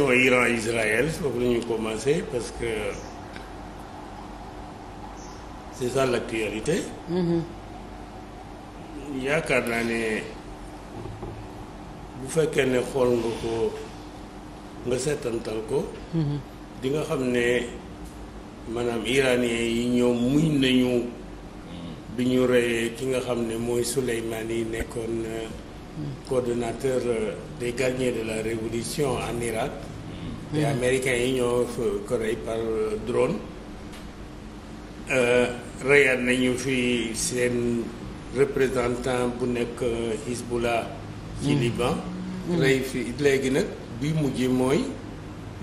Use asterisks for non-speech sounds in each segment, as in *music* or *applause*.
relation Iran Israël foofu la ñu commencé parce que c'est ça l'actualité mm-hmm. yaakaar naa ne bu fekkee ne xool nga ko nga seetantal ko mm-hmm. di nga xam ne maanaam iraan yi ñoom muñ nañu mm. bi ñu reyee ki nga xam ne mooy Souleymane yi nekkoon euh, coordonnateur euh, des gardiens de la révolution en Irak. te mm-hmm. américains yi ñoo ko rey par euh, drone. Euh, reyaat nañu fi seen représentant bu nekk Hezbollah. ci mm-hmm. Liban. Mm-hmm. rey fi léegi nag bi mujj mooy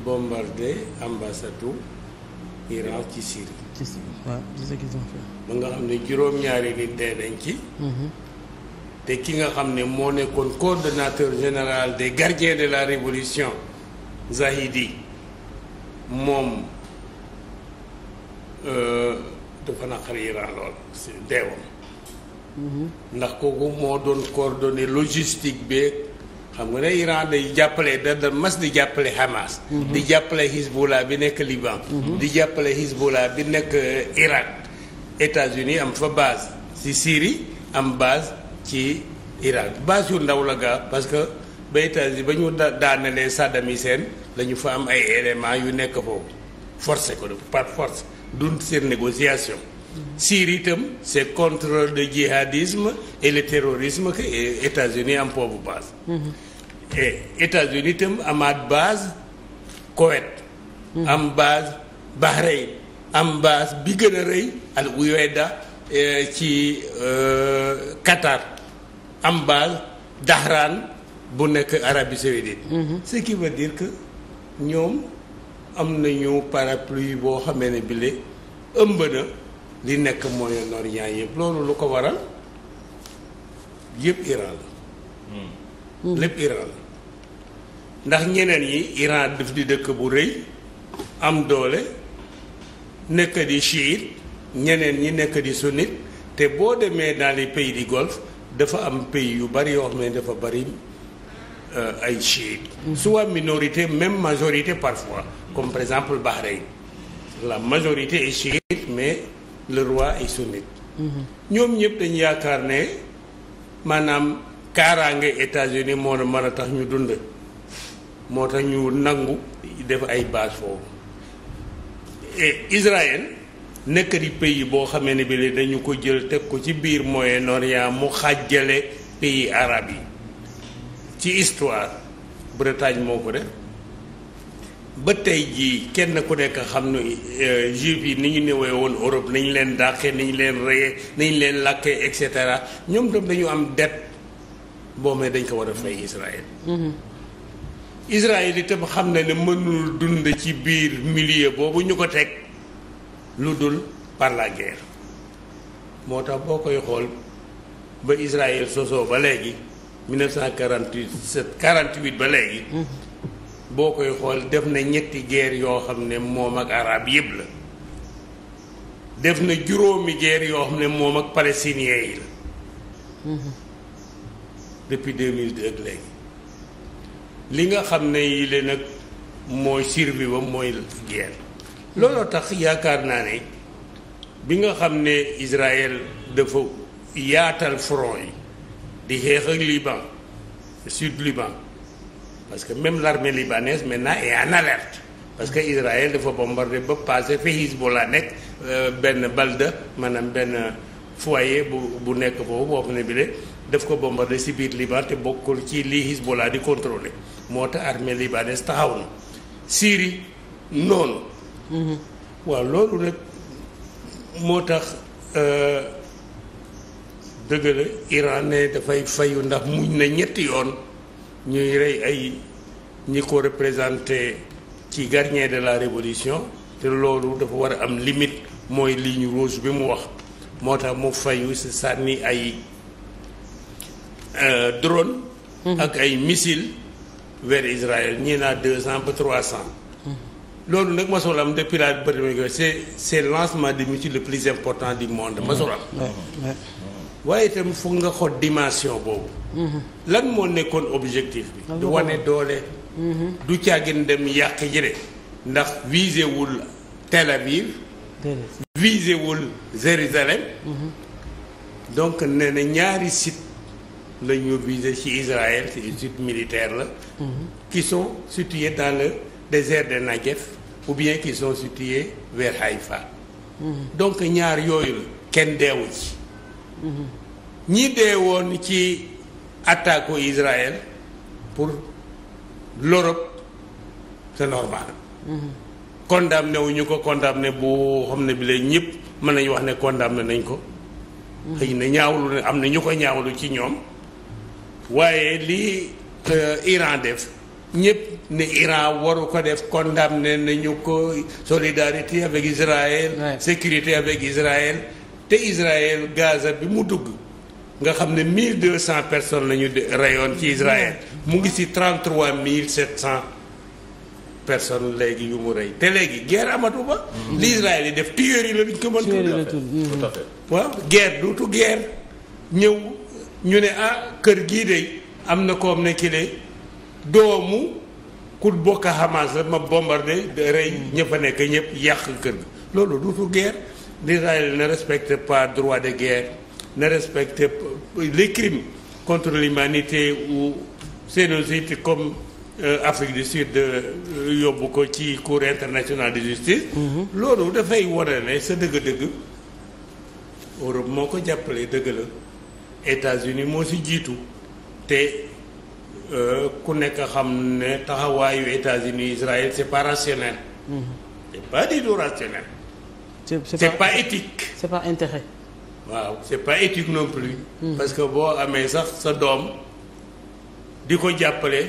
bombardé ambassadu Iran ci Syrie. ci Syrie waaw ba nga xam ne juróom-ñaari nit dee ci. te ki nga xam ne moo nekkoon coordonnateur général des gardiens de la révolution Zahidi moom euh, dafa naqari Iran lool si deewam mhm. ndax kooku moo doon coordonné logistique beeg xam nga ne Iran day jàppale da da di jàppale Hamas mhm. di jàppale Hezbollah bi nekk Liban mhm. di jàppale Hezbollah bi nekk euh, Irak États-Unis am fa base si Syrie am base ci Irak base yu ndaw la gaa parce que ba États-Unis ba ñu daanelee Saddam Hussein la ñu fa am ay éléments yu nekk foofu forcé ko par force du seen négociation. Syrie itam c'est contre de djihadisme et le terrorisme que États-Unis am foofu base. Mhm. et États-Unis mhm. am base Bahreïn am base bi gën a rëy al Uwayda Eh, ci eh, Qatar Hambal Dahran bu nekk Arabie Saoudite mhm. ce qui veut dire que ñoom am nañu parapluie boo xamee ne bile ëmb na li nekk Moyen-Orient yëpp loolu lu ko waral yëpp Iran la mhm. lépp Iran la ndax ñeneen yi Iran daf di dëkk bu rëy am doole nekk di chiite ñeneen ñi nekk di sunnite te boo demee dans les pays du golfe dafa am pays yu bari yoo xam ne dafa bari euh, ay su soit minorité même majorité parfois comme par exemple Bahreïn la majorité est chiite mais le roi est sunnite mm-hmm. ñoom ñëpp dañu yaakaar ne maanaam kaaraange États-Unis moo na mën a tax ñu dund moo tax ñu nangu def ay base foofu et nekkati pays boo xamee ne bi dañu ko jël teg ko ci biir Moyen-Orient mu xàjjale pays arab yi ci histoire Bretagne moo ko def ba tey jii kenn ku nekk xam nu euh, juif yi ni ñu newee woon Europe nañu leen dàqee ñu leen reyee nañu leen làkkee et cetera ñoom itam dañu am dette boo mee dañ ko war a fay Israël mhm. Israël itam xam na ne mënul dund ci biir milieu boobu ñu ko teg lu dul par la guerre moo tax boo koy xool ba Israël soso ba léegi 1947 48 ba léegi boo koy xool def na ñetti guerre yoo xam ne moom ak arab yëpp la def na juróomi guerre yoo xam ne moom ak palestiniens yi la depuis 2002 ak léegi li nga xam ne yii la nag mooy survie ba mooy guerre looloo tax yaakaar naa ne bi nga xam ne Israël dafa yaatal front yi di xeex ak Liban sud Liban parce que même l'armée libanaise maintenant est en alerte parce que Israël dafa bombardé ba passé fi Hezbollah nekk euh, benn balda maanaam benn foyer bu bu nekk foofu boo xam ne bi de daf ko bombardé si biir Liban te bokkul ci lii Hezbollah di contrôler moo tax armée libanaise taxaw na Syrie noonu waaw loolu nag moo tax euh, dëgg la Iran ne dafay fayu ndax muñ na ñetti yoon ñuy rey ay ñi ko représenté ci gardien de la révolution te loolu dafa war a am limite mooy lii ñu rouge bi mu wax moo tax mu fayu si sànni ay euh, drone mm-hmm. ak ay missile vers israel ñi naa deux cent ba trois cent loolu nag Masolam depuis la première c'est c'est lancement de mutuelle le plus important du monde Masolam waaye itam foog nga xool dimension boobu mm-hmm. lan moo nekkoon objectif bi du wane doole mm-hmm. du caagin dem yàq jële ndax visé wul Tel Aviv visé wul Jérusalem mm-hmm. donc nee na ñaari site la ñu visé ci Israël ci site militaire la qui sont situés dans le désert de Negev ou bien qui sont situés vers Haïfa. donc ñaar yooyu la kenn deewu ci. ñi dee woon ci attaque israel pour l'Europe c'est normal. condamné wu ñu ko condamné bu xam ne bi la ñëpp mën nañu wax ne condamné nañ ko. xëy na ñaawlu ne am na ñu ko ñaawlu ci ñoom waaye li euh, Iran def. ñëpp ne Iran waru ko def condamné nañu ko solidarité avec Israël. Ouais. sécurité avec Israël. te Israël Gaza bi mu dugg nga xam ne 1200 personnes la ñu rayoon ci Israël mu ngi si mil 33 700 personnes léegi yu mu rey te léegi guerre amatu ba. Mm-hmm. li Israël yi def tuerie la duñ ko mën. tuerie la tout à fait waaw ñëw ñu ne ah kër gii de am na koom ne kii doomu ku bokk Hamas la ma bombardé rey ña fa nekk ñëpp yàq kër ga loolu duutu guerre l'Israël ne respecte pas droit de guerre ne respecte les crimes contre l'humanité ou génocide comme euh, Afrique du Sud euh, yóbbu ko ci cour internationale de justice. Mhm. loolu dafay wane ne sa dëgg-dëgg. Europe moo ko jàppale dëgg la États-Unis moo si jiitu te Euh, ku nekk xam ne taxawaayu États-Unis Israël c'est pas rationnel. Mm-hmm. c'est pas du c'est pas, c'est waaw c'est pas éthique non plus. Mm. parce que boo amee sax sa doom di ko jàppale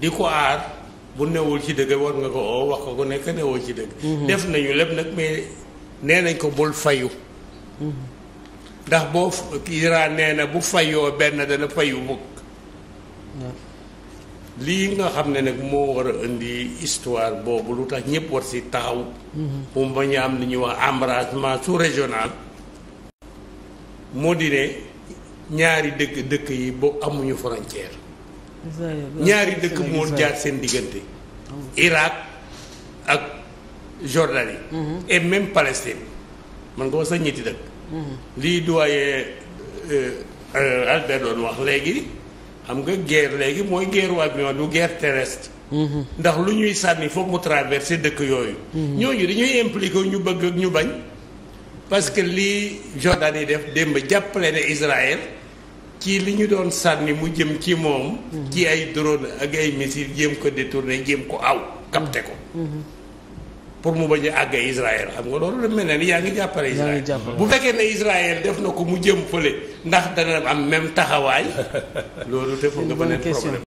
di ko aar bu newul ci dëgg war nga ko oo wax ko ku nekk newul ci dëgg. Mm-hmm. def nañu lépp nag mais nee nañ ko bul fayu. Mm-hmm. ndax boo Iran nee na bu fayoo benn dana fayu mukk lii nga xam ne nag moo war a indi histoire boobu lu tax ñépp war si taxaw. pour mm-hmm. bañ a am li ñuy wax embrasement su régional moo di ñaari dëkk dëkk yi boo amuñu frontière. ñaari dëkk moo jaar seen diggante. Irak ak Jordanie. Mm-hmm. et même Palestine man nga wax sax ñetti dëkk. Mm-hmm. lii doyen euh, euh, Albert doon wax léegi. xam nga guerre léegi mooy guerre waa avion du guerre terrestre. ndax lu ñuy sànni foog mu traversé dëkk yooyu. ñooñu dañuy impliqué ñu bëgg ak ñu bañ. parce que li Jordan yi def démb jàppale ne Israël ci li ñu doon sànni mu jëm ci moom. ci ay drone ak ay missile jéem ko détourné jéem ko aw capté ko. pour mu bañ a àggee Israël xam nga loolu la mel ne ni yaa ngi jàppale Israël bu fekkee ne Israël def na ko mu jëm fële ndax dana am même taxawaay *laughs* loolu te foog nga beneen problème